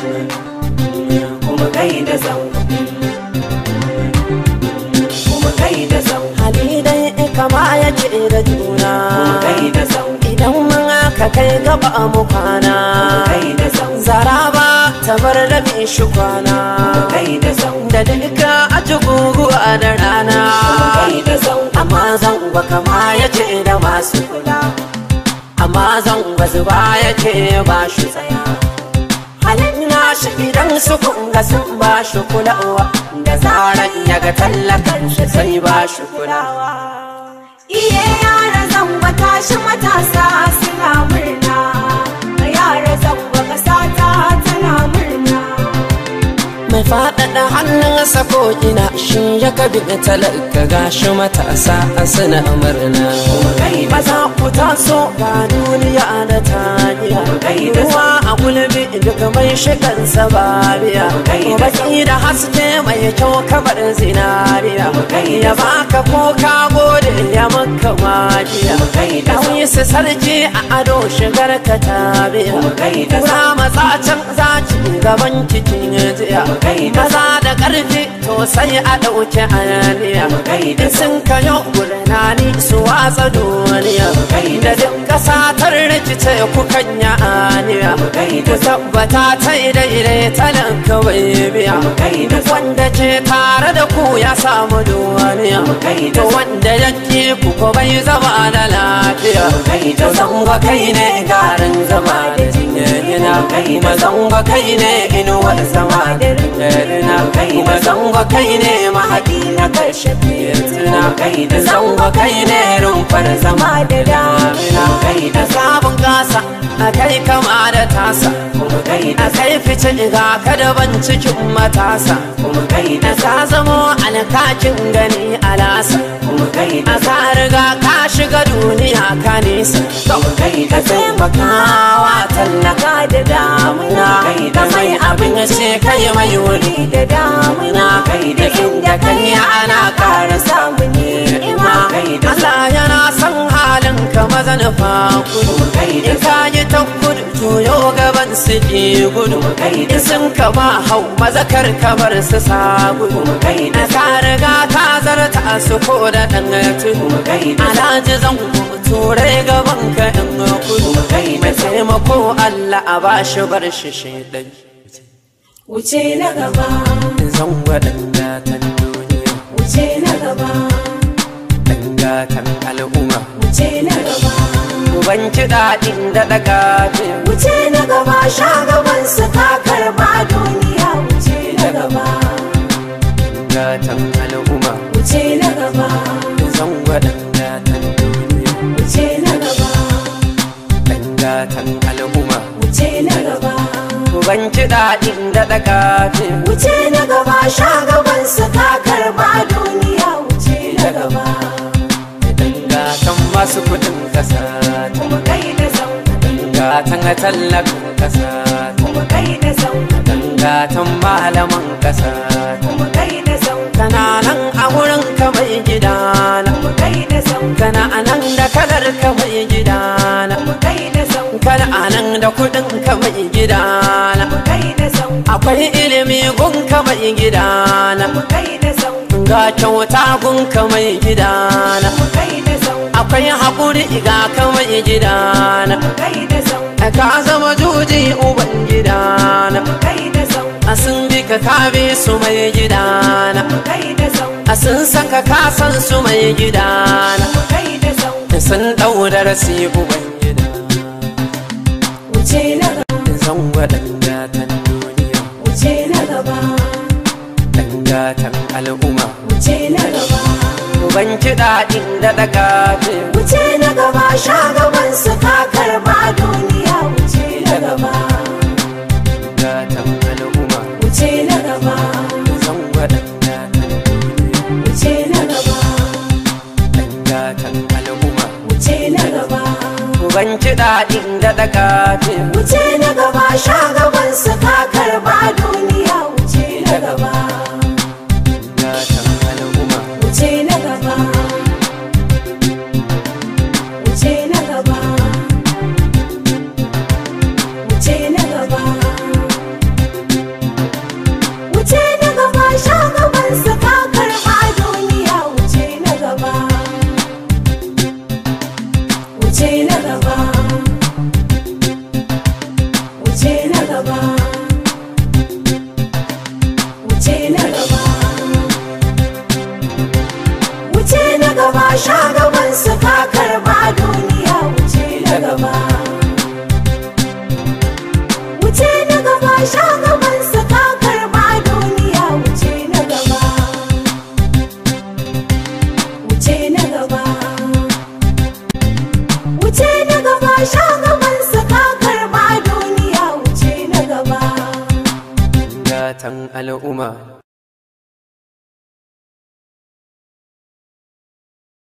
kuma kai kama ya ce da juna idan mun kai gaba mu kwana kai zaraba ta bar rabin shi kwana da duka a ci a da rana amma zan ba kama ya ce da masu kula amma zan ba zuba ya ce ba shi tsaya shi idan su kunga sun ba shi kulawa da zaran ya ga tallakan shi sai ba shi kulawa iye yara zamba shi matasa suna murna yara zamba kasa tana murna faɗaɗa hannun ko ina shin ya kabi talaka gashi matasa a suna murna kai za ku taso ga duniya da taniya ruwa a gulbi duka mai shigansa ba biya da haske mai kyau kamar zinariya ya baka ko ka gode ya maka magiya kawai su sarki a ado shigar ka tabiya kura matsa can zaci gaban cikin jiya maza da ƙarfi to sai a ɗauke hayaniya sun kayo gurnani su watsa duniya da duk ƙasa ta rikice kukan ya aniya ku tabbata ta daidai talan kawai biya duk wanda ke tare da ku ya samu duniya to wanda yake ku ko bai zama da lafiya to san kai ne garin zama kai mazango kai ne inuwar sama da na kai mazango kai ne mahadi na karshe na kai da zango kai ne rumfar sama da damina kai da akai kama da tasa a kai fice ga kada ban cikin matasa a sa zamo alkakin gani alasa a sa riga ka shiga duniya ka nisa ka taimakawa tallaka da damuna ka mai abin ce kai mai wuri da damuna da inda kai ana kara samu Allah yana san halin ka maza na fakudu in ka yi ta kudu to gaban su ke gudu in sun ka ba hau mazakar kamar su sagudu na ka riga ka zarta su ko da ɗan tudu alhaji zan turai gaban ka ɗan kudu mai taimako Allah a ba shi bar shi shi ɗan wuce na gaba zan na ta duniya wuce na gaba cikin gatan al'umma. Wuce na gaba. ban ci daɗin da ɗaga ce. Wuce na gaba gaban su ta karba duniya. Wuce na gaba. Gatan al'umma. Wuce na gaba. waɗanda gatan duniya. Wuce na gaba. Ɗan gatan al'umma. Wuce na gaba. ban ci daɗin da ɗaga ce. Wuce na gaba gaban su ta karba duniya. Wuce na gaba. masu kudin kasa kuma kai da ga gatan tallafin kasa kuma kai da ga tan malaman kasa kuma kai da sauƙaƙin kana nan a wurin ka mai gida na kuma kai da sauƙaƙin kana anan da kalar ka mai gida na kuma kai da sauƙaƙin kana anan da kudin ka mai gida na kuma kai da sauƙaƙin akwai ilimi gun ka mai gida na kuma kai da sauƙaƙin ga kyauta gunka mai gidana akwai haƙuri ga ka mai gidana ka zama juji uban gidana a sun bi ka kabe su mai gidana a sun saka kasan su mai gidana sun ɗaurar su yi uban gidana zan waɗanda ta duniya na gaba al'umma wuce na gaba duban kiɗa inda daga ce wuce na gaba sha gaban su kaka